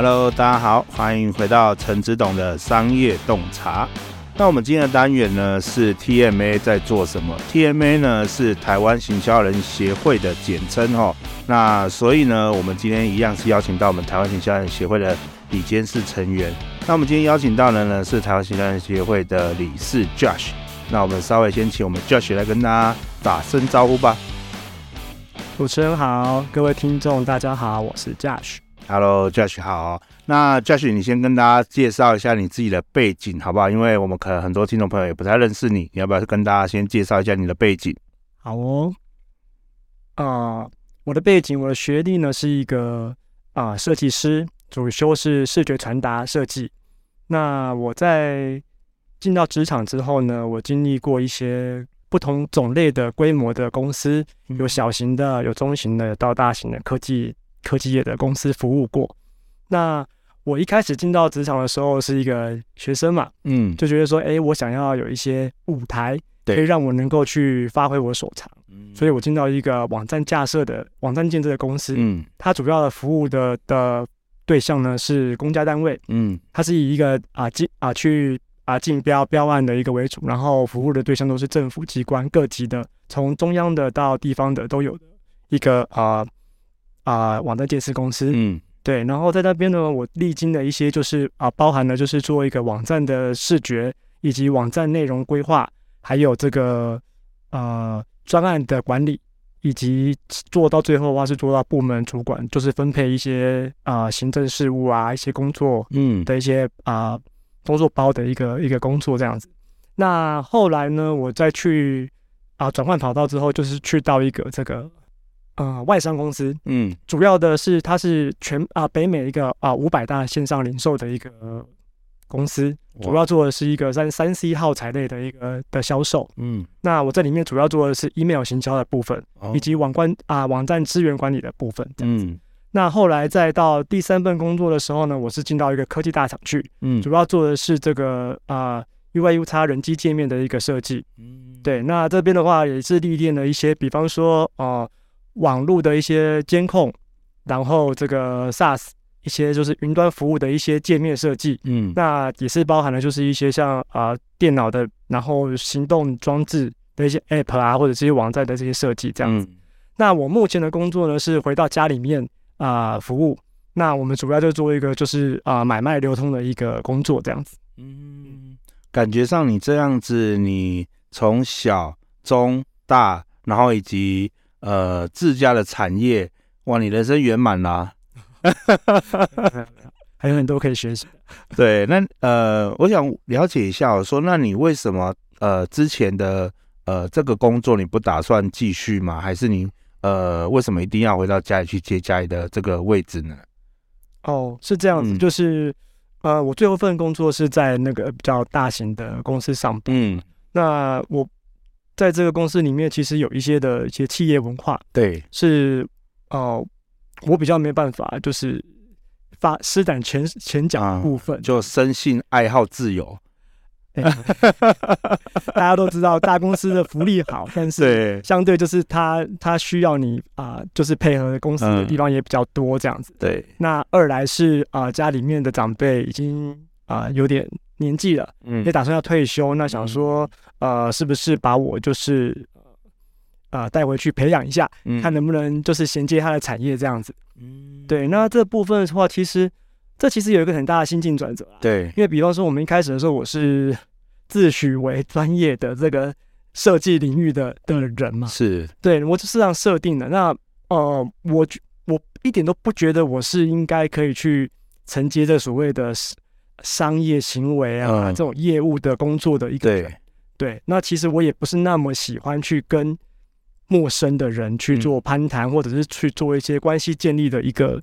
Hello，大家好，歡迎回到陳執董的商業洞察。那我們今天的單元呢是 TMA 在做什麼？TMA 呢是台灣行銷人協會的簡稱哦。那所以呢，我們今天一樣是邀請到我們台灣行銷人協會的理監事成員。那我們今天邀請到的呢是台灣行銷人協會的理事 Josh。那我們稍微先請我們 Josh 來跟大家打聲招呼吧。主持人好，各位聽眾，大家好，我是 Josh。Hello，Josh，好。那 Josh，你先跟大家介紹一下你自己的背景，好不好？因為我們可能很多聽眾朋友也不太認識你，你要不要跟大家先介紹一下你的背景？好哦。啊，我的背景，我的學歷呢是一個啊設計師，主修，是視覺傳達設計。那我在進到職場之後呢，我經歷過一些不同種類的規模的公司，有小型的，有中型的，有到大型的科技。科技業的公司服務過。那我一開始進到職場的時候是一個學生嘛，嗯，就覺得說，哎、欸，我想要有一些舞台，對，可以讓我能夠去發揮我所長。所以我進到一個網站架設的、網站建設的公司，嗯，它主要的服務的的對象呢是公家單位，嗯，它是以一個啊進啊去啊競標標案的一個為主，然後服務的對象都是政府機關各級的，從中央的到地方的都有一個啊。啊，網站建設公司，嗯，對，然後在那邊呢，我歷經了一些就是啊，包含了，就是做一個網站的視覺，以及網站內容規劃，還有這個呃專案的管理，以及做到最後的話是做到部門主管，就是分配一些啊行政事務啊一些工作些，嗯，的一些啊工作包的一個一個工作這樣子。那後來呢，我再去啊轉換跑道之後，就是去到一個這個。呃，外商公司，嗯，主要的是它是全啊、呃、北美一個啊五百大線上零售的一個公司，主要做的是一個三三 C 耗材類的一個的銷售，嗯，那我這裡面主要做的是 email 行銷的部分，哦、以及網關啊、呃、網站資源管理的部分這樣子，嗯，那後來再到第三份工作的時候呢，我是進到一個科技大廠去，嗯，主要做的是這個啊、呃、UIUX 人機界面的一個設計，嗯，對，那這邊的話也是歷練了一些，比方說啊。呃網絡的一些監控，然後這個 SaaS 一些就是雲端服務的一些界面設計，嗯，那也是包含了就是一些像啊、呃、電腦的，然後行動裝置的一些 App 啊，或者這些網站的這些設計這樣子，嗯。那我目前的工作呢是回到家裡面啊、呃、服務，那我們主要就做一個就是啊、呃、買賣流通的一個工作這樣子。嗯，感覺上你這樣子，你從小中大，然後以及。呃，自家的產業，哇，你人生圓滿啦！ 還有很多可以學習。對，那呃，我想了解一下，我說，那你為什麼呃之前的呃這個工作你不打算繼續嗎？還是你呃為什麼一定要回到家裡去接家裡的這個位置呢？哦，是這樣子，嗯、就是呃，我最後一份工作是在那個比較大型的公司上班。嗯，那我。在這個公司裡面，其實有一些的一些企業文化，對，是呃，我比較沒辦法，就是發施展拳拳腳的部分，啊、就生性愛好自由。欸、 大家都知道，大公司的福利好， 但是相對就是他他需要你啊、呃，就是配合公司的地方也比較多，這樣子、嗯。對，那二來是啊、呃，家裡面的長輩已經啊、呃、有點年紀了，嗯，也打算要退休，那想說。嗯呃，是不是把我就是，啊、呃，帶回去培養一下、嗯，看能不能就是銜接他的產業這樣子？嗯，對。那這部分的話，其實這其實有一個很大的心境轉折啊。對，因為比方說我們一開始的時候，我是自詡為專業的這個設計領域的的人嘛，是對我就是這樣設定的。那呃，我我一點都不覺得我是應該可以去承接這所謂的商商業行為啊、嗯，這種業務的工作的一個。對對，那其實我也不是那麼喜歡去跟陌生的人去做攀談，或者是去做一些關係建立的一個、嗯、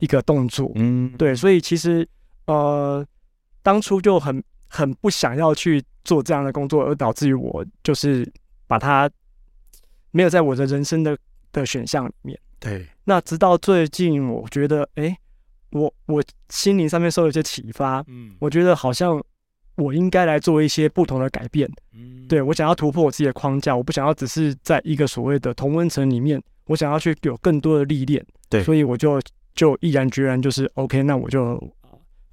一個動作。嗯，對，所以其實呃，當初就很很不想要去做這樣的工作，而導致於我就是把它沒有在我的人生的的選項裡面。對，那直到最近，我覺得，哎、欸，我我心靈上面受了一些啟發，嗯，我覺得好像。我應該來做一些不同的改變，嗯，對，我想要突破我自己的框架，我不想要只是在一個所謂的同溫層裡面，我想要去有更多的歷練，對，所以我就就毅然決然就是 OK，那我就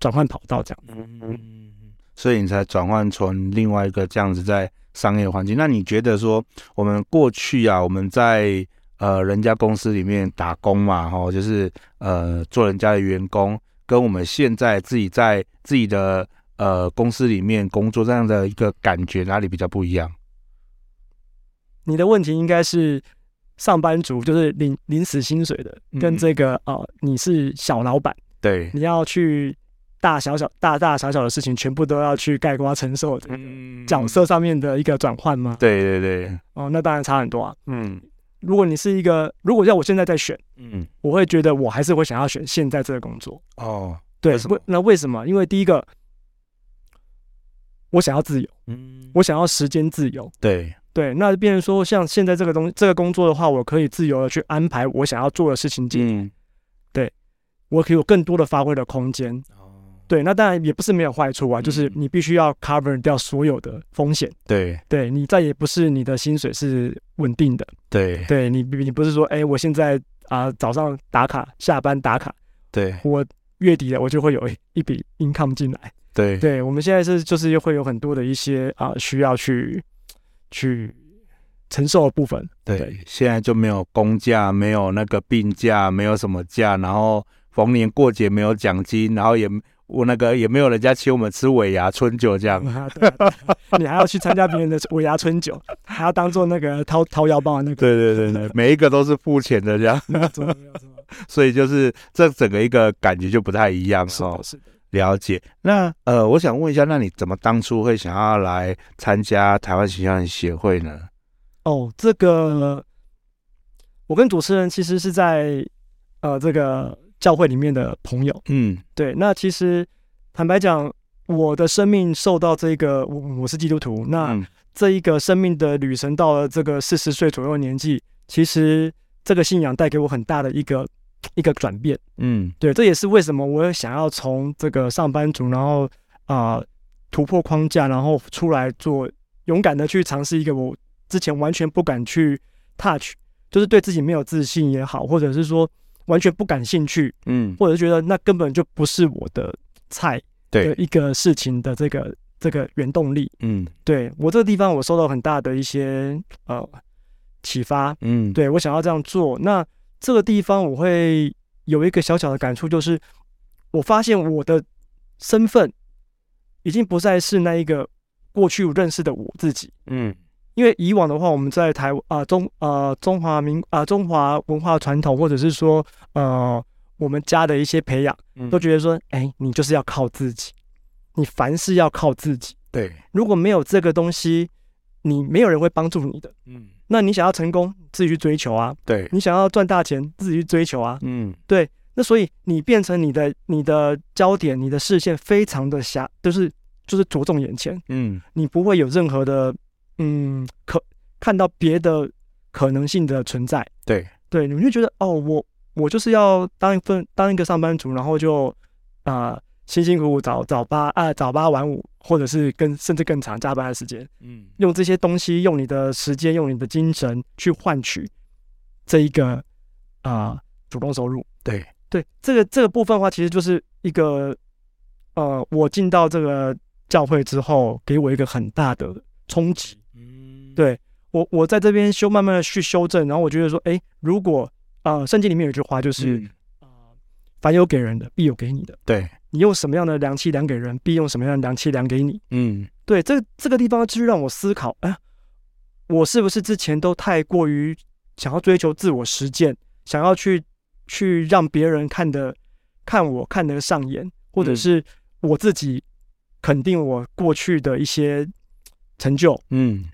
轉換跑道這樣，嗯，所以你才轉換成另外一個這樣子在商業環境。那你覺得說我們過去啊，我們在呃人家公司裡面打工嘛，齁，就是呃做人家的員工，跟我們現在自己在自己的。呃，公司裡面工作這樣的一個感覺哪裡比較不一樣？你的問題應該是上班族，就是領領死薪水的，跟這個哦、嗯呃，你是小老板，對，你要去大小小大大小小的事情，全部都要去概括承受這個、嗯、角色上面的一個轉換嗎？對對對，哦、呃，那當然差很多啊。嗯，如果你是一個，如果要我現在再選，嗯，我會覺得我還是會想要選現在這個工作。哦，對，為那為什麼？因為第一個。我想要自由，嗯，我想要時間自由，對對。那變成說，像現在這個東這個工作的話，我可以自由的去安排我想要做的事情，進、嗯、對我可以有更多的發揮的空間。哦，對，那當然也不是沒有壞處啊、嗯，就是你必須要 cover 掉所有的風險。對，對你再也不是你的薪水是穩定的。對，對你你不是說，哎、欸，我現在啊、呃、早上打卡，下班打卡，對我月底了我就會有一筆 income 進來。對對，我們現在是就是又會有很多的一些啊、呃、需要去去承受的部分對。對，現在就沒有公假，沒有那個病假，沒有什麼假，然後逢年過節沒有獎金，然後也我那個也沒有人家請我們吃尾牙春酒這樣。嗯啊，對啊對啊、 你還要去參加別人的尾牙春酒， 還要當做那個掏掏腰包那個。對對對對， 每一個都是付錢的這樣。 所以就是這整個一個感覺就不太一樣哦。是的。了解，那呃，我想問一下，那你怎麼當初會想要來參加台灣行銷人協會呢？哦，這個我跟主持人其實是在呃這個教會裡面的朋友，嗯，對。那其實坦白講，我的生命受到這個我，我是基督徒，那、嗯、這一個生命的旅程到了這個四十歲左右的年紀，其實這個信仰帶給我很大的一個，一個轉變，嗯，對，這也是為什麼我想要從這個上班族，然後啊、呃、突破框架，然後出來做勇敢的去嘗試一個我之前完全不敢去 touch，就是對自己沒有自信也好，或者是說完全不感興趣，嗯，或者是覺得那根本就不是我的菜，對，一個事情的這個這個原動力，嗯，對，對我這個地方我受到很大的一些呃啟發，嗯，對，對我想要這樣做那。這個地方我會有一個小小的感觸，就是我發現我的身份已經不再是那一個過去認識的我自己。嗯，因為以往的話，我們在台啊、呃、中啊、呃、中華民啊、呃、中華文化傳統，或者是說呃我們家的一些培養，嗯、都覺得說，哎，你就是要靠自己，你凡事要靠自己。對，如果沒有這個東西。你沒有人會幫助你的，嗯，那你想要成功，自己去追求啊，對，你想要賺大錢，自己去追求啊，嗯，對，那所以你變成你的你的焦點，你的視線非常的狹，就是就是着重眼前，嗯，你不會有任何的嗯可看到別的可能性的存在，對對，你們就覺得哦，我我就是要當一份當一個上班族，然後就啊。呃辛辛苦苦早早八啊，早八晚五，或者是更甚至更長加班的時間，嗯，用這些東西，用你的時間，用你的精神去換取這一個啊、呃、主動收入。對對，這個這個部分的話，其實就是一個呃，我進到這個教會之後，給我一個很大的衝擊。嗯，對我我在這邊修，慢慢的去修正，然後我覺得說，哎、欸，如果啊，呃、聖經裡面有句話，就是啊、嗯，凡有給人的，必有給你的。對。你用什麼樣的量器量給人，必用什麼樣的量器量給你。嗯，對，這這個地方就讓我思考：哎、啊，我是不是之前都太過於想要追求自我實踐，想要去去讓別人看得看我看得上眼，或者是我自己肯定我過去的一些成就？嗯，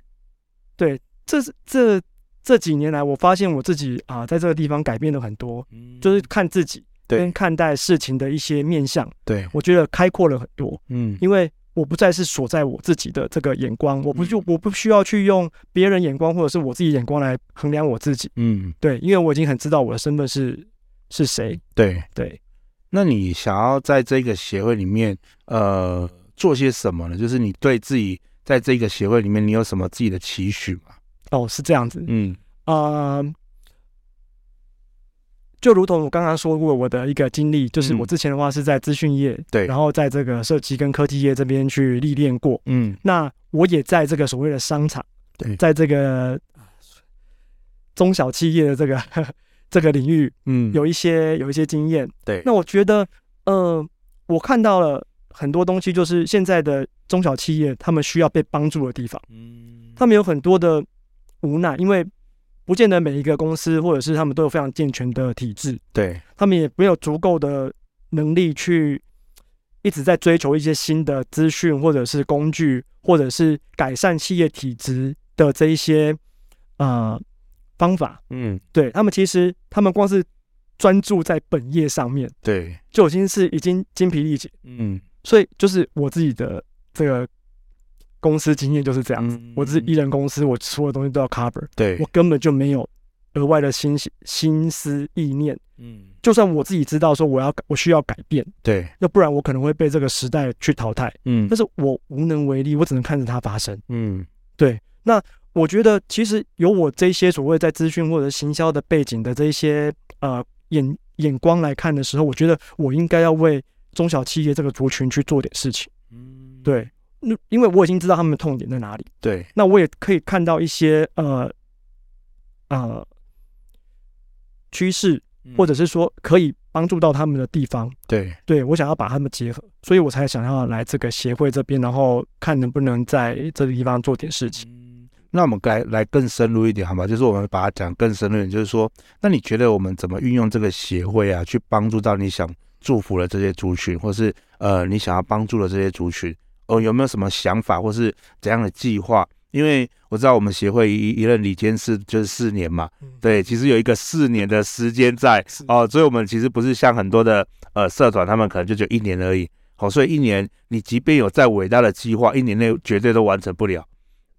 對，這是這這幾年來，我發現我自己啊，在這個地方改變了很多，就是看自己。對，看待事情的一些面向，對，我覺得開闊了很多。嗯，因為我不再是鎖在我自己的這個眼光，嗯、我不就我不需要去用別人眼光或者是我自己眼光來衡量我自己。嗯，對，因為我已經很知道我的身份是是誰。對對，那你想要在這個協會裡面，呃，做些什麼呢？就是你對自己在這個協會裡面，你有什麼自己的期許嗎？哦，是這樣子。嗯啊。呃就如同我剛剛說過，我的一個經歷就是我之前的話是在資訊業，嗯，對，然後在這個設計跟科技業這邊去歷練過，嗯，那我也在這個所謂的商場，對，在這個中小企業的這個 這個領域，嗯，有一些有一些經驗，對。那我覺得，呃，我看到了很多東西，就是現在的中小企業他們需要被幫助的地方，嗯，他們有很多的無奈，因為。不見得每一個公司或者是他們都有非常健全的體制，對，他們也沒有足夠的能力去一直在追求一些新的資訊或者是工具，或者是改善企業體質的這一些呃方法，嗯，對他們其實他們光是專注在本業上面，對，就已經是已經精疲力竭，嗯，所以就是我自己的這個。公司經驗就是這樣子。嗯，我是一人公司，我所有的東西都要 cover 對。對我根本就沒有額外的心思心思意念。嗯，就算我自己知道說我要改，我需要改變，對，那不然我可能會被這個時代去淘汰。嗯，但是我無能為力，我只能看着它發生。嗯，對。那我覺得，其實由我這些所謂在資訊或者行銷的背景的這一些呃眼眼光來看的時候，我覺得我應該要為中小企業這個族群去做點事情。嗯，對。因為我已經知道他們的痛點在哪裡，對，那我也可以看到一些呃，呃趨勢，或者是說可以幫助到他們的地方，嗯、對，對我想要把他們結合，所以我才想要來這個協會這邊，然後看能不能在這個地方做點事情。那我們該來，來更深入一點，好嗎？就是我們把它講更深入一點，就是說，那你覺得我們怎麼運用這個協會啊，去幫助到你想祝福的這些族群，或是呃，你想要幫助的這些族群？哦，有沒有什麼想法或是怎樣的計劃？因為我知道我們協會一一任理監事就是四年嘛，對，其實有一個四年的時間在哦，所以我們其實不是像很多的呃社團，他們可能就只有一年而已。哦，所以一年你即便有再偉大的計劃，一年內絕對都完成不了。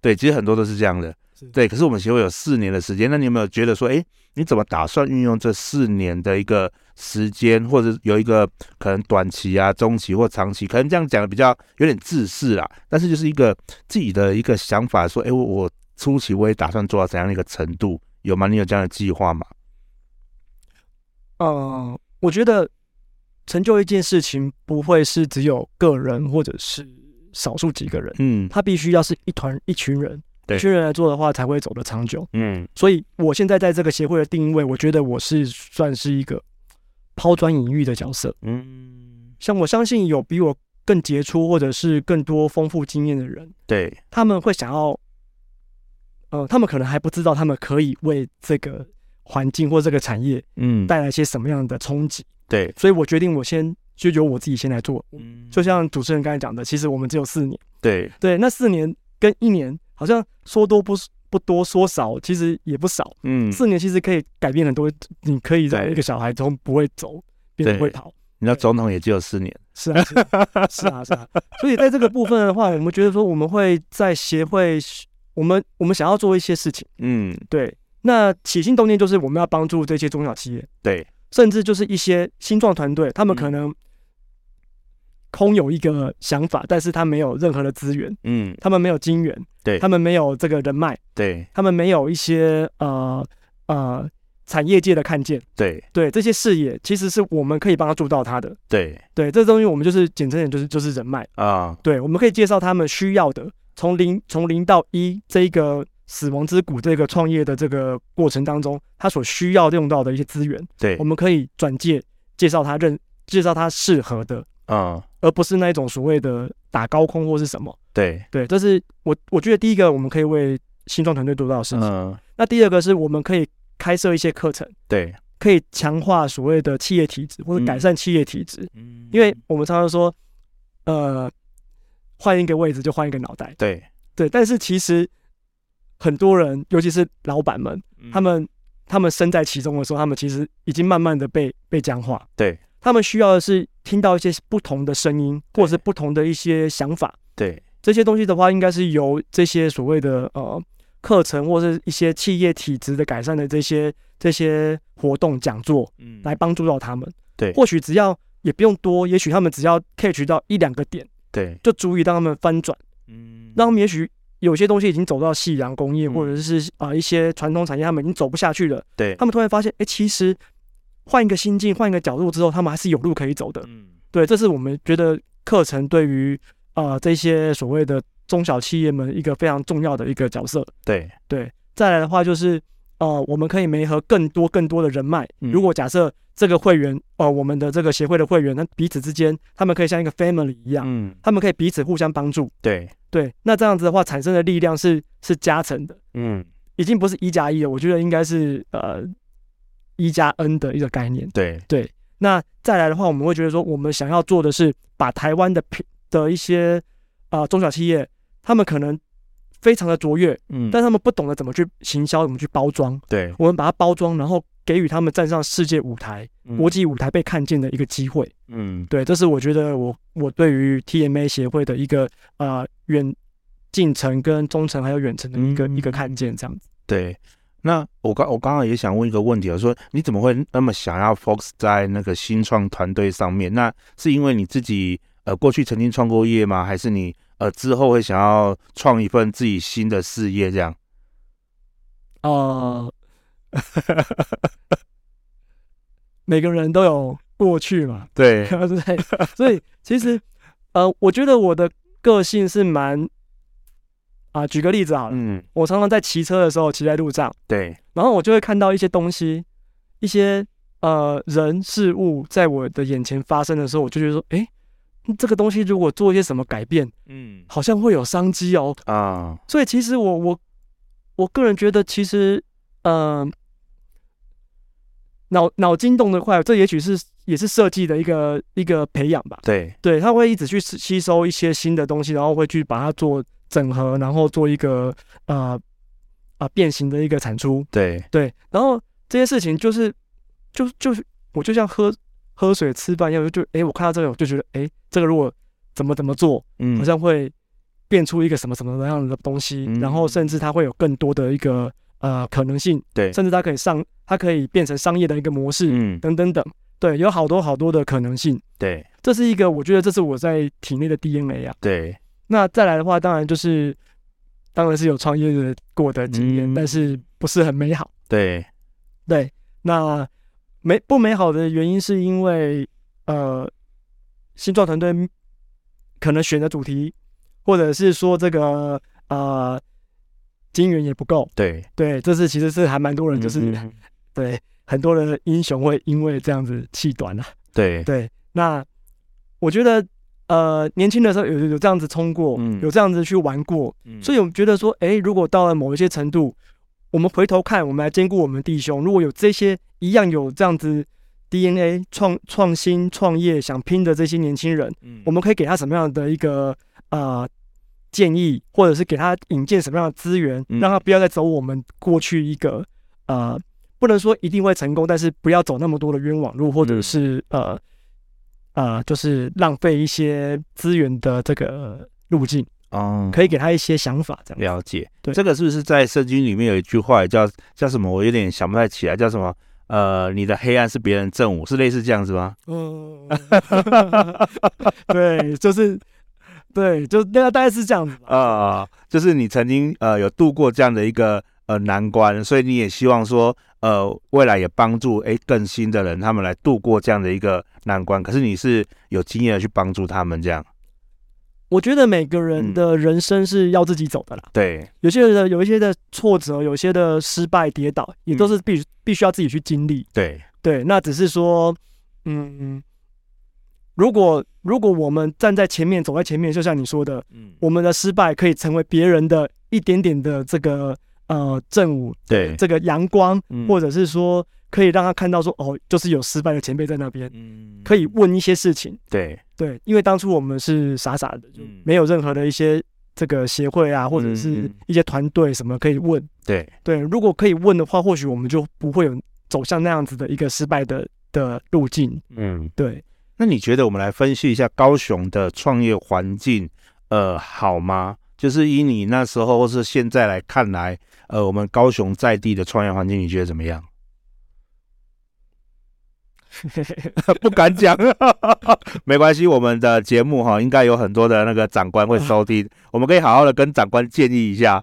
對，其實很多都是這樣的。對，可是我們協會有四年的時間，那你有沒有覺得說，誒、欸？你怎麼打算運用這四年的一個時間，或者有一個可能短期啊、中期或長期？可能這樣講的比較有點自私啦，但是就是一個自己的一個想法，說，哎，我初期我也打算做到怎樣的一個程度，有嗎？你有這樣的計劃嗎？嗯、呃，我覺得成就一件事情不會是只有個人或者是少數幾個人，嗯，他必須要是一團一群人。一群人來做的話，才會走得長久。嗯，所以我現在在這個協會的定位，我覺得我是算是一個拋磚引玉的角色。嗯，像我相信有比我更傑出或者是更多豐富經驗的人，對，他們會想要，呃，他們可能還不知道他們可以為這個環境或這個產業，嗯，帶來一些什麼樣的衝擊。對，嗯，所以我決定我先就由我自己先來做。嗯，就像主持人剛才講的，其實我們只有四年。對，對，那四年跟一年。好像說多不不多，說少其實也不少。嗯，四年其實可以改變很多。你可以讓一個小孩從不會走變成會跑。你知道總統也只有四年。是啊，是啊，是啊 是啊，是啊，是啊。所以在這個部分的話，我們覺得說，我們會在協會，我們我們想要做一些事情。嗯，對。那起心動念就是我們要幫助這些中小企業。對，甚至就是一些新創團隊，他們可能、嗯。空有一個想法，但是他沒有任何的資源，嗯，他們沒有金援，對，他們沒有這個人脈，對，他們沒有一些呃呃產業界的看見，對對，這些視野其實是我們可以幫他做到他的，對對，這東西我們就是簡單點就是就是人脈啊、哦，對，我們可以介紹他們需要的，從零從零到一這一個死亡之谷這個創業的這個過程當中，他所需要用到的一些資源，對，我們可以轉介介紹他認介紹他適合的，嗯、哦。而不是那一種所謂的打高空或是什麼？對對，這是我我覺得第一個我們可以為新創團隊做到的事情。嗯、那第二個是我們可以開設一些課程，對，可以強化所謂的企業體質或者改善企業體質。嗯，因為我們常常說，呃，換一個位置就換一個腦袋。對對，但是其實很多人，尤其是老闆們，他們、嗯、他們身在其中的時候，他們其實已經慢慢的被被僵化。對，他們需要的是。聽到一些不同的聲音，或者是不同的一些想法，對，對這些東西的話，應該是由這些所謂的呃課程，或者是一些企業體質的改善的這些這些活動講座，嗯，來幫助到他們。對，或許只要也不用多，也許他們只要 catch 到一兩個點，對，就足以讓他們翻轉。嗯，那他們也許有些東西已經走到夕陽工業，或者是啊、嗯呃、一些傳統產業，他們已經走不下去了。對他們突然發現，哎、欸，其實。換一個心境，換一個角度之後，他們還是有路可以走的。嗯，對，這是我們覺得課程對於啊、呃、這些所謂的中小企業們一個非常重要的一個角色。對對，再來的話就是呃，我們可以媒合更多更多的人脈、嗯。如果假設這個會員哦、呃，我們的這個協會的會員，那彼此之間他們可以像一個 family 一樣，嗯，他們可以彼此互相幫助。對對，那這樣子的話產生的力量是是加成的。嗯，已經不是一加一了，我覺得應該是呃。一加 N 的一個概念，對對。那再來的話，我們會覺得說，我們想要做的是把台灣的的一些啊、呃、中小企業，他們可能非常的卓越，嗯，但他們不懂得怎麼去行銷，怎麼去包裝，對，我們把它包裝，然後給予他們站上世界舞台、嗯、國際舞台被看見的一個機會，嗯，對，這是我覺得我我對於 TMA 協會的一個啊遠、呃、近程跟中程還有遠程的一個、嗯、一個看見這樣子，對。那我剛我剛剛也想問一個問題啊，我說你怎麼會那麼想要 focus 在那個新創團隊上面？那是因為你自己呃過去曾經創過業嗎？還是你呃之後會想要創一份自己新的事業這樣？哦、uh, 每個人都有過去嘛，對， 對，所以其實呃，我覺得我的個性是蠻。啊，舉個例子好了，嗯，我常常在騎車的時候騎在路上，對，然後我就會看到一些東西，一些呃人事物在我的眼前發生的時候，我就覺得說，哎、欸，這個東西如果做一些什麼改變，嗯，好像會有商機哦，啊、哦，所以其實我我我個人覺得，其實嗯，腦腦筋動得快，這也許是也是設計的一個一個培養吧，對對，他會一直去吸收一些新的東西，然後會去把它做。整合，然後做一個呃啊、呃、變形的一個產出，對對。然後這些事情就是就就是我就像喝喝水、吃飯一樣，我就哎、欸，我看到這個我就覺得哎、欸，這個如果怎麼怎麼做，嗯，好像會變出一個什麼什麼什麼樣的東西，嗯，然後甚至它會有更多的一個呃可能性，對，甚至它可以上，它可以變成商業的一個模式，嗯，等等等，對，有好多好多的可能性，對，這是一個，我覺得這是我在體內的 DNA 啊，對。那再來的話，當然就是，當然是有創業的過的經驗、嗯，但是不是很美好。對，對。那美不美好的原因，是因為呃，新創團隊可能選的主題，或者是說這個呃，金源也不夠。對，對。這次其實是還蠻多人，就是嗯嗯對很多的英雄會因為這樣子氣短了、啊。對，對。那我覺得。呃，年輕的時候有有這樣子衝過、嗯，有這樣子去玩過，所以我們覺得說，哎、欸，如果到了某一些程度，我們回頭看，我們來兼顧我們弟兄，如果有這些一樣有這樣子 DNA 創創新創業想拼的這些年輕人、嗯，我們可以給他什麼樣的一個、呃、建議，或者是給他引薦什麼樣的資源，讓他不要再走我們過去一個、嗯、呃，不能說一定會成功，但是不要走那麼多的冤枉路，或者是、嗯就是、呃。啊、呃，就是浪費一些資源的這個、呃、路徑哦、嗯，可以給他一些想法這樣。了解，對，這個是不是在聖經裡面有一句話也叫叫什麼？我有點想不太起來，叫什麼？呃，你的黑暗是別人正午，是類似這樣子嗎？嗯、呃 就是，對，就是對，就那個大概是這樣子吧、啊、呃呃，就是你曾經呃有度過這樣的一個呃難關，所以你也希望說。呃，未來也幫助哎，更新的人他們來度過這樣的一個難關。可是你是有經驗的去幫助他們這樣。我覺得每個人的人生是要自己走的啦。嗯、對，有些的有一些的挫折，有些的失敗跌倒，也都是必、嗯、必須要自己去經歷。對對，那只是說，嗯，嗯如果如果我們站在前面走在前面，就像你說的、嗯，我們的失敗可以成為別人的一點點的這個。呃，正午對這個陽光、嗯，或者是說可以讓他看到說哦，就是有失敗的前輩在那邊、嗯，可以問一些事情。對對，因為當初我們是傻傻的，嗯、就沒有任何的一些這個協會啊，或者是一些團隊什麼可以問。對、嗯嗯、對，如果可以問的話，或許我們就不會有走向那樣子的一個失敗的的路徑。嗯，對。那你覺得我們來分析一下高雄的創業環境，呃，好嗎？就是以你那時候或是現在來看來，呃，我們高雄在地的創業環境，你覺得怎麼樣？ 不敢講講， 沒關係，我們的節目哈，應該有很多的那個長官會收聽，我們可以好好的跟長官建議一下，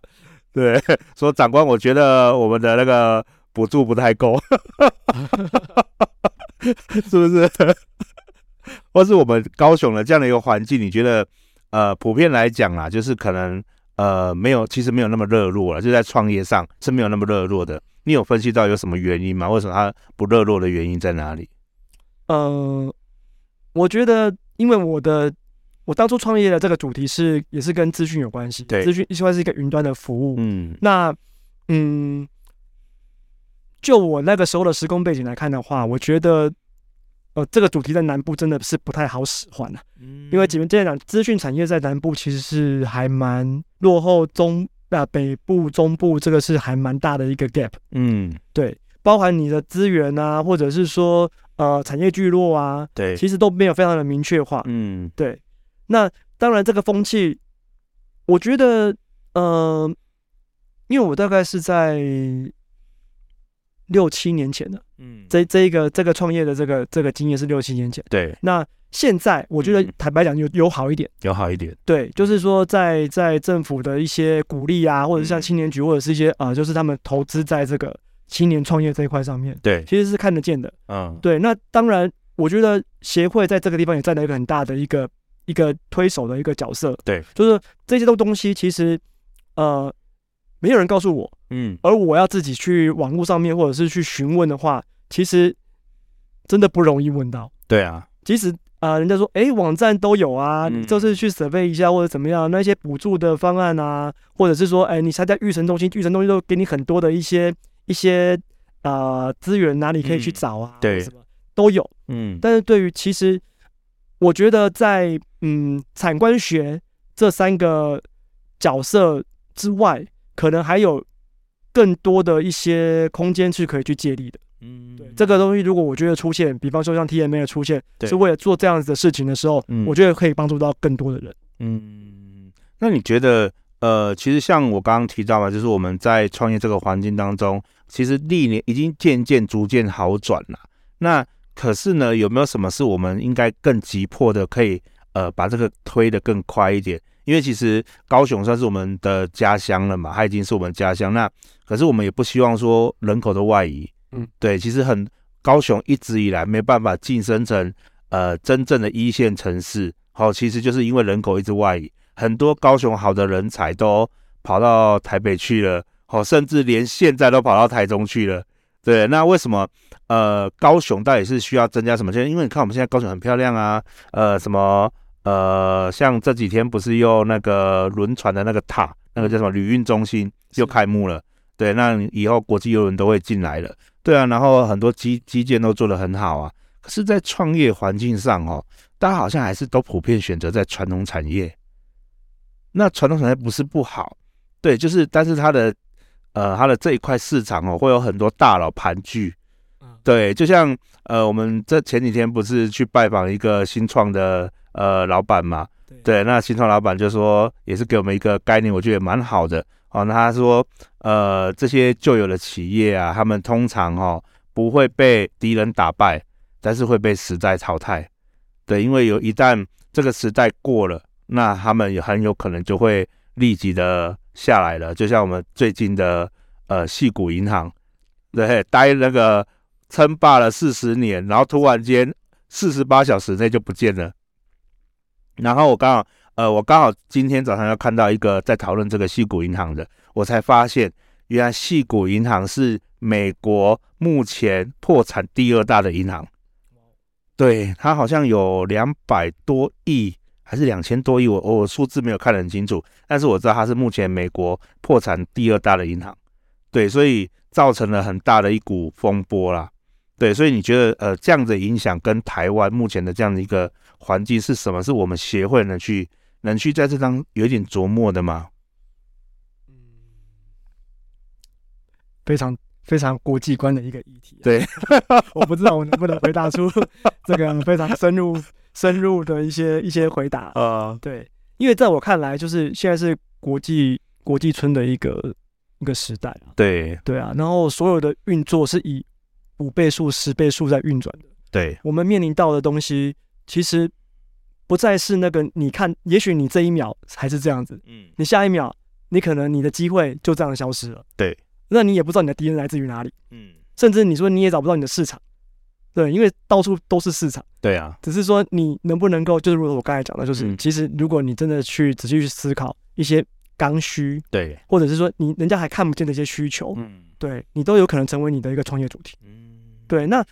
對，說長官，我覺得我們的那個補助不太夠， 是不是？ 或是我們高雄的這樣的一個環境，你覺得？呃，普遍來講啊，就是可能呃，沒有，其實沒有那麼熱絡了，就在創業上是沒有那麼熱絡的。你有分析到有什麼原因嗎？為什麼它不熱絡的原因在哪裡？呃，我覺得，因為我的我當初創業的這個主題是，也是跟資訊有關係，對，資訊主要是一個雲端的服務，嗯，那嗯，就我那個時候的時空背景來看的話，我覺得。呃，這個主題在南部真的是不太好使喚了，啊，因為今天講，資訊產業在南部其實是還蠻落後中啊北部、中部，這個是還蠻大的一個 gap。嗯，對，包含你的資源啊，或者是說呃產業聚落啊，對，其實都沒有非常的明確化。嗯，對。那當然，這個風氣，我覺得，嗯、呃，因為我大概是在。六七年前的，嗯，這這一個這個創業的這個這個經驗是六七年前。對，那現在我覺得坦白講有有好一點，有好一點。對，就是說在在政府的一些鼓勵啊，或者是像青年局、嗯，或者是一些啊、呃，就是他們投資在這個青年創業這一塊上面，對，其實是看得見的。嗯，對。那當然，我覺得協會在這個地方也占了一個很大的一個一個推手的一個角色。對，就是這些東東西其實呃。沒有人告訴我，嗯，而我要自己去網絡上面，或者是去詢問的話，其實真的不容易問到。對啊，其實啊，人家說，哎，網站都有啊，嗯、就是去 survey 一下或者怎麼樣，那些補助的方案啊，或者是說，哎，你參加育成中心，育成中心都給你很多的一些一些啊、呃、資源，哪裡可以去找啊？嗯、對，什麼都有，嗯。但是對於其實，我覺得在嗯產官學這三個角色之外。可能還有更多的一些空間是可以去借力的。嗯，對，這個東西如果我覺得出現，比方說像 TMA 的出現，是為了做這樣子的事情的時候，嗯，我覺得可以幫助到更多的人。嗯，那你覺得，呃，其實像我剛剛提到嘛，就是我們在創業這個環境當中，其實歷年已經漸漸逐漸好轉了。那可是呢，有沒有什麼是我們應該更急迫的，可以呃把這個推得更快一點？因為其實高雄算是我們的家鄉了嘛，它已經是我們家鄉。那可是我們也不希望說人口的外移，嗯，對。其實很高雄一直以來沒辦法晉升成呃真正的一線城市，齁，其實就是因為人口一直外移，很多高雄好的人才都跑到台北去了，齁，甚至連現在都跑到台中去了。對，那為什麼呃高雄到底是需要增加什麼？因為你看我們現在高雄很漂亮啊，呃什麼。呃，像這幾天不是又那個輪船的那個塔，那個叫什麼旅運中心又開幕了？對，那以後國際郵輪都會進來了。對啊，然後很多基基建都做得很好啊。可是，在創業環境上哦，大家好像還是都普遍選擇在傳統產業。那傳統產業不是不好，對，就是但是它的呃它的這一塊市場哦，會有很多大佬盤踞。對，就像呃我們這前幾天不是去拜訪一個新創的。呃，老闆嘛，對，對，那新創老闆就說，也是給我們一個概念，我覺得蠻好的哦。那他說，呃，這些舊有的企業啊，他們通常哦不會被敵人打敗，但是會被時代淘汰。對，因為有一旦這個時代過了，那他們也很有可能就會立即的下來了。就像我們最近的呃矽谷銀行，對，待那個稱霸了四十年，然後突然間四十八小時內就不見了。然後我剛好，呃，我剛好今天早上要看到一個在討論這個矽谷銀行的，我才發現原來矽谷銀行是美國目前破產第二大的銀行，對，它好像有兩百多億還是兩千多億，我我數字沒有看得很清楚，但是我知道它是目前美國破產第二大的銀行，對，所以造成了很大的一股風波啦，對，所以你覺得，呃，這樣的影響跟台灣目前的這樣的一個。環境是什麼？是我們協會能去能去在這張有一點琢磨的嗎？嗯，非常非常國際觀的一個議題啊。對， 我不知道我能不能回答出這個非常深入深入的一些一些回答。啊，對，因為在我看來，就是現在是國際國際村的一個一個時代啊。對，對啊，然後所有的運作是以五倍數、十倍數在運轉的。對，我們面臨到的東西。其實不再是那個你看，也許你這一秒還是這樣子，嗯，你下一秒，你可能你的機會就這樣消失了，對，那你也不知道你的敵人來自於哪裡，嗯，甚至你說你也找不到你的市場，對，因為到處都是市場，對啊，只是說你能不能夠，就是如果我剛才講的，就是其實如果你真的去仔細去思考一些剛需，對，或者是說你人家還看不見的一些需求，嗯，對，你都有可能成為你的一個創業主題，嗯，對，那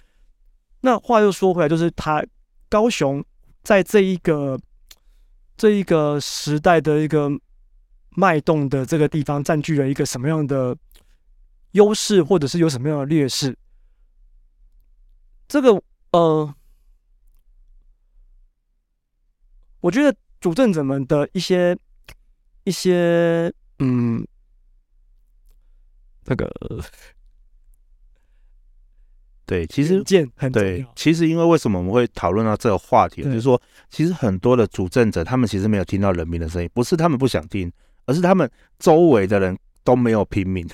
那話又說回來，就是他。高雄在這一個這一個時代的一個脈動的這個地方，佔據了一個什麼樣的優勢，或者是有什麼樣的劣勢？這個呃，我覺得主政者們的一些一些嗯，那個。對，其實很對。其實，其實因為為什麼我們會討論到這個話題，就是說，其實很多的主政者他們其實沒有聽到人民的聲音，不是他們不想聽，而是他們周圍的人都沒有平民。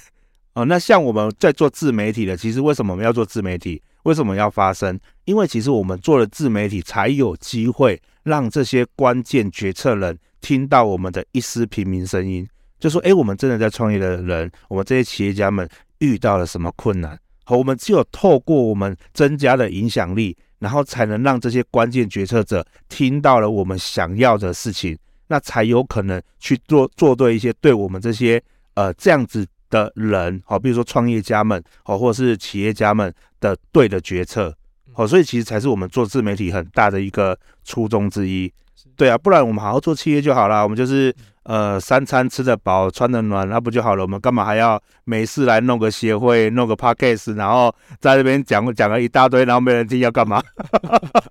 哦、呃，那像我們在做自媒體的，其實為什麼我們要做自媒體？為什麼要發聲？因為其實我們做了自媒體，才有機會讓這些關鍵決策人聽到我們的一絲平民聲音，就說：哎、欸，我們真的在創業的人，我們這些企業家們遇到了什麼困難？哦、我們只有透過我們增加的影響力，然後才能讓這些關鍵決策者聽到了我們想要的事情，那才有可能去做做對一些對我們這些呃這樣子的人，好、哦，比如說創業家們，好、哦，或者是企業家們的對的決策，好、哦，所以其實才是我們做自媒體很大的一個初衷之一。對啊，不然我們好好做企業就好了。我們就是呃，三餐吃得飽，穿得暖，那不就好了？我們干嘛還要每次來弄個協會，弄個 podcast，然後在這邊講講了一大堆，然後沒人聽，要幹嘛？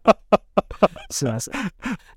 是啊，是啊。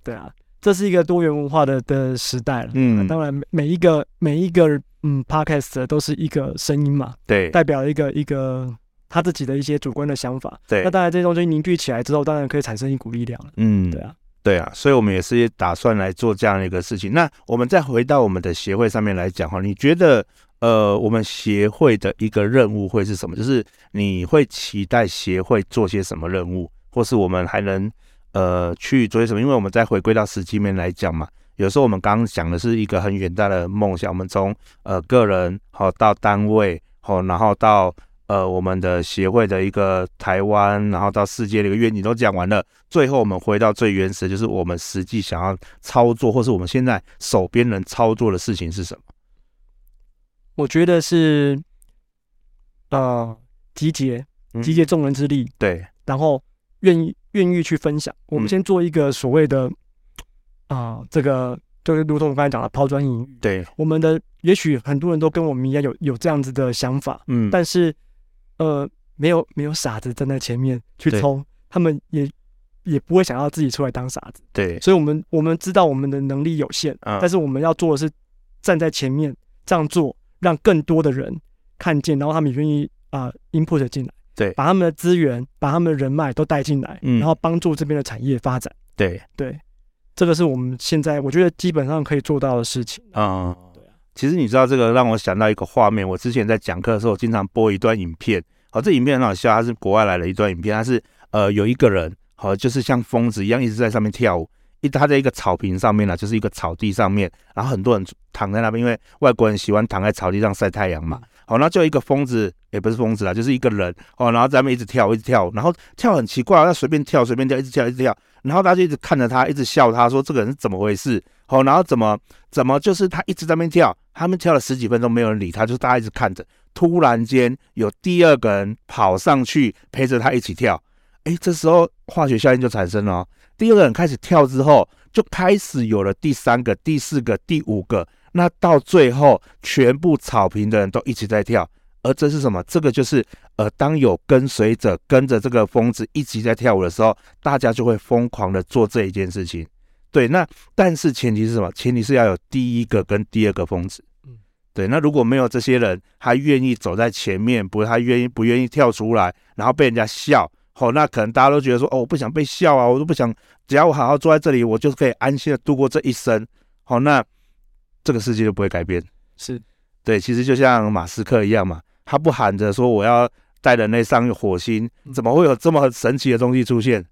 對啊，這是一個多元文化的的時代了。啊、嗯，當然每一個，每一個每一個嗯 podcast 的都是一個聲音嘛。對，代表一個一個他自己的一些主觀的想法。對，那當然，這些東西凝聚起來之後，當然可以產生一股力量。嗯，對啊。對啊，所以我們也是也打算來做這樣的一個事情。那我們再回到我們的協會上面來講哈，你覺得呃，我們協會的一個任務會是什麼？就是你會期待協會做些什麼任務，或是我們還能呃去做些什麼？因為我們再回歸到實際面來講嘛，有時候我們剛剛講的是一個很遠大的夢想，我們從呃個人哈到單位哈，然後到。呃，我們的協會的一個台灣，然後到世界的一個願景都講完了，最後我們回到最原始，就是我們實際想要操作，或是我們現在手邊能操作的事情是什麼？我覺得是呃，集結，集結眾人之力、嗯，對，然後願意願意去分享。我們先做一個所謂的啊、嗯呃，這個就是如同我剛才講的拋磚引玉。對，我們的也許很多人都跟我們一樣有有這樣子的想法，嗯，但是。呃，沒有沒有傻子，站在前面去衝，他們也也不會想要自己出來當傻子。對，所以我們我們知道我們的能力有限、嗯，但是我們要做的是站在前面這樣做，讓更多的人看見，然後他們也願意啊、呃、input 進來，對，把他們的資源、把他們的人脈都帶進來、嗯，然後幫助這邊的產業發展。對對，這個是我們現在我覺得基本上可以做到的事情啊。嗯其實你知道這個讓我想到一個畫面，我之前在講課的時候經常播一段影片，好、哦，這影片很好笑，它是國外來的一段影片，它是呃有一個人，好、哦，就是像瘋子一樣一直在上面跳舞，一他在一個草坪上面呢、啊，就是一個草地上面，然後很多人躺在那邊，因為外國人喜歡躺在草地上晒太陽嘛，好、哦，然後就一個瘋子，也不是瘋子啦，就是一個人，哦，然後在那邊一直跳，一直跳舞，然後跳很奇怪，他隨便跳，隨便跳，一直跳，一直跳，然後大家就一直看着他，一直笑他，他說這個人是怎麼回事？哦，然後怎麼怎麼就是他一直在那邊跳，他們跳了十幾分鐘沒有人理他，就大家一直看着。突然間有第二個人跑上去陪着他一起跳，哎，這時候化學效應就產生了哦。第二個人開始跳之後，就開始有了第三個、第四個、第五個。那到最後，全部草坪的人都一直在跳。而這是什麼？這個就是呃，當有跟隨者跟着這個瘋子一起在跳舞的時候，大家就會瘋狂的做這一件事情。對，那但是前提是什麼？前提是要有第一個跟第二個瘋子，嗯，對。那如果沒有這些人，他願意走在前面，不是他願意不願意跳出來，然後被人家笑，哦，那可能大家都覺得說，哦，我不想被笑啊，我都不想，只要我好好坐在這裡，我就可以安心的度過這一生，好，哦，那這個世界就不會改變。是，對，其實就像馬斯克一樣嘛，他不喊着說我要帶人類上火星，怎麼會有這麼神奇的東西出現？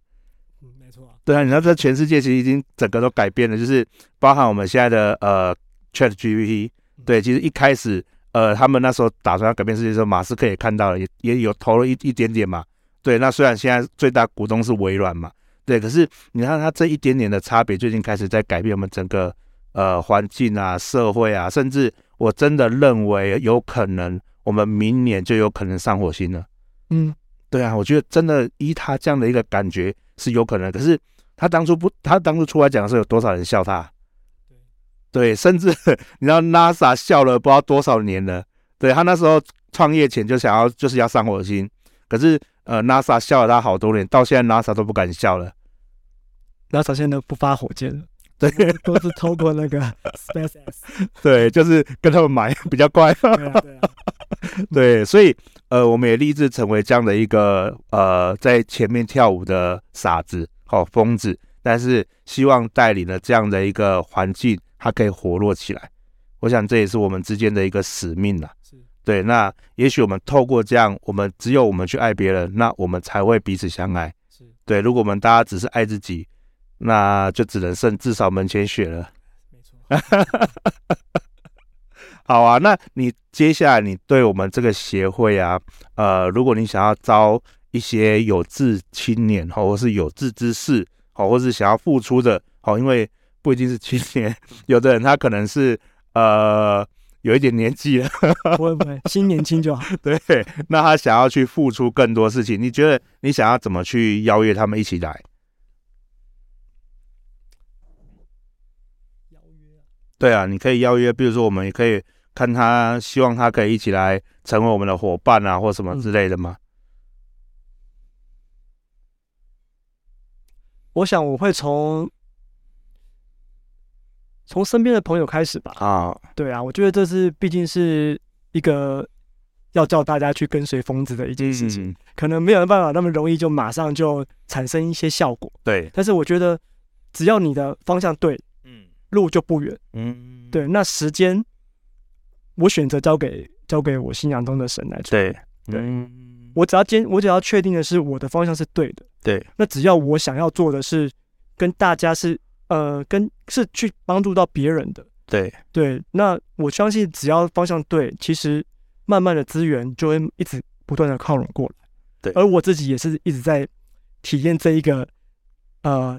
對啊，你看這全世界其實已經整個都改變了，就是包含我們現在的呃 Chat GPT，對，其實一開始呃他們那時候打算要改變世界的時候，馬斯克也看到了，也也有投了一一點點嘛。對，那雖然現在最大股東是微軟嘛，對，可是你看他這一點點的差別，就已經開始在改變我們整個呃環境啊、社會啊，甚至我真的認為有可能我們明年就有可能上火星了。嗯，對啊，我覺得真的依他這樣的一個感覺是有可能，可是。他當初不，他當初出來講的時候，有多少人笑他？對，甚至你知道 NASA 笑了不知道多少年了。對，他那時候創業前就想要，就是要上火星。可是呃，NASA 笑了他好多年，到現在 NASA 都不敢笑了。NASA 現在不發火箭了，對，都是透過那個 SpaceX。對，就是跟他們買比較乖。對啊，對對。所以呃，我們也立志成為這樣的一個呃，在前面跳舞的傻子。好、哦、瘋子，但是希望帶領了這樣的一個環境，它可以活絡起來。我想這也是我們之間的一個使命啦。對。那也許我們透過這樣，我們只有我們去愛別人，那我們才會彼此相愛。對。如果我們大家只是愛自己，那就只能剩至少門前雪了。沒錯。 好啊，那你接下來你對我們這個協會啊，呃，如果你想要招。一些有志青年好，或是有志之士好，或是想要付出的好，因為不一定是青年，有的人他可能是呃有一點年紀了，不會不會， 新年輕就好。對，那他想要去付出更多事情，你覺得你想要怎麼去邀約他們一起來？邀約？對啊，你可以邀約，比如說我們也可以看他希望他可以一起來成為我們的夥伴啊，或什麼之類的嗎？嗯我想我會從從身邊的朋友開始吧。啊，對啊，我覺得這是畢竟是一個要叫大家去跟隨瘋子的一件事情，可能沒有辦法那麼容易就馬上就產生一些效果。對，但是我覺得只要你的方向對，嗯，路就不遠。嗯，對，那時間我選擇交給交給我信仰中的神來做。對，對，我只要堅，我只要確定的是我的方向是對的。對，那只要我想要做的是，跟大家是，呃，跟是去幫助到別人的，對對，那我相信只要方向對，其實慢慢的資源就會一直不斷的靠攏過來。對，而我自己也是一直在體驗這一個，呃，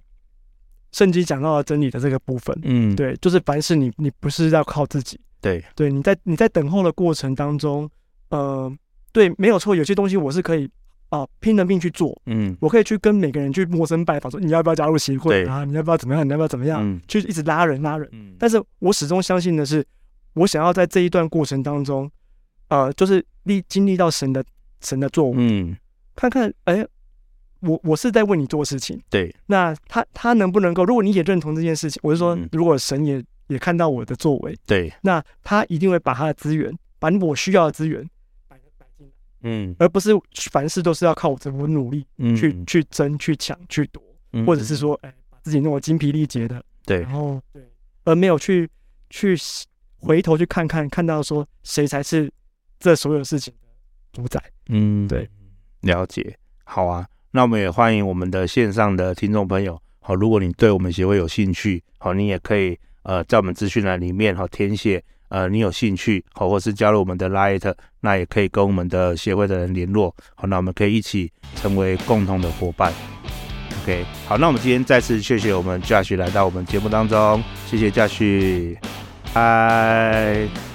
聖經講到的真理的這個部分。嗯，對，就是凡事你，你不是要靠自己。對，對，你在你在等候的過程當中，呃，對，沒有錯，有些東西我是可以。啊，拼了命去做。嗯，我可以去跟每個人去陌生拜訪，說你要不要加入協會對啊？你要不要怎麼樣？你要不要怎麼樣？嗯、去一直拉人拉人。嗯。但是我始終相信的是，我想要在這一段過程當中，呃，就是歷經歷到神的神的作為。嗯。看看，哎、欸，我我是在為你做事情。對。那他他能不能夠？如果你也認同這件事情，我是說，如果神也、嗯、也看到我的作為，對，那他一定會把他的資源，把我需要的資源。嗯，而不是凡事都是要靠我怎麼努力，嗯，去去爭、去搶、去奪、嗯，或者是說，哎、欸，把自己弄得精疲力竭的，對，然後對，而沒有去去回頭去看看，看到說誰才是這所有事情的主宰，嗯，對，了解，好啊，那我們也歡迎我們的線上的聽眾朋友，好，如果你對我們協會有興趣，好，你也可以呃在我們資訊欄裡面好，填寫。呃，你有興趣好，或是加入我們的 Light，那也可以跟我們的協會的人聯絡好，那我們可以一起成為共同的夥伴。OK，好，那我們今天再次謝謝我們 Josh 來到我們節目當中，謝謝 Josh，拜。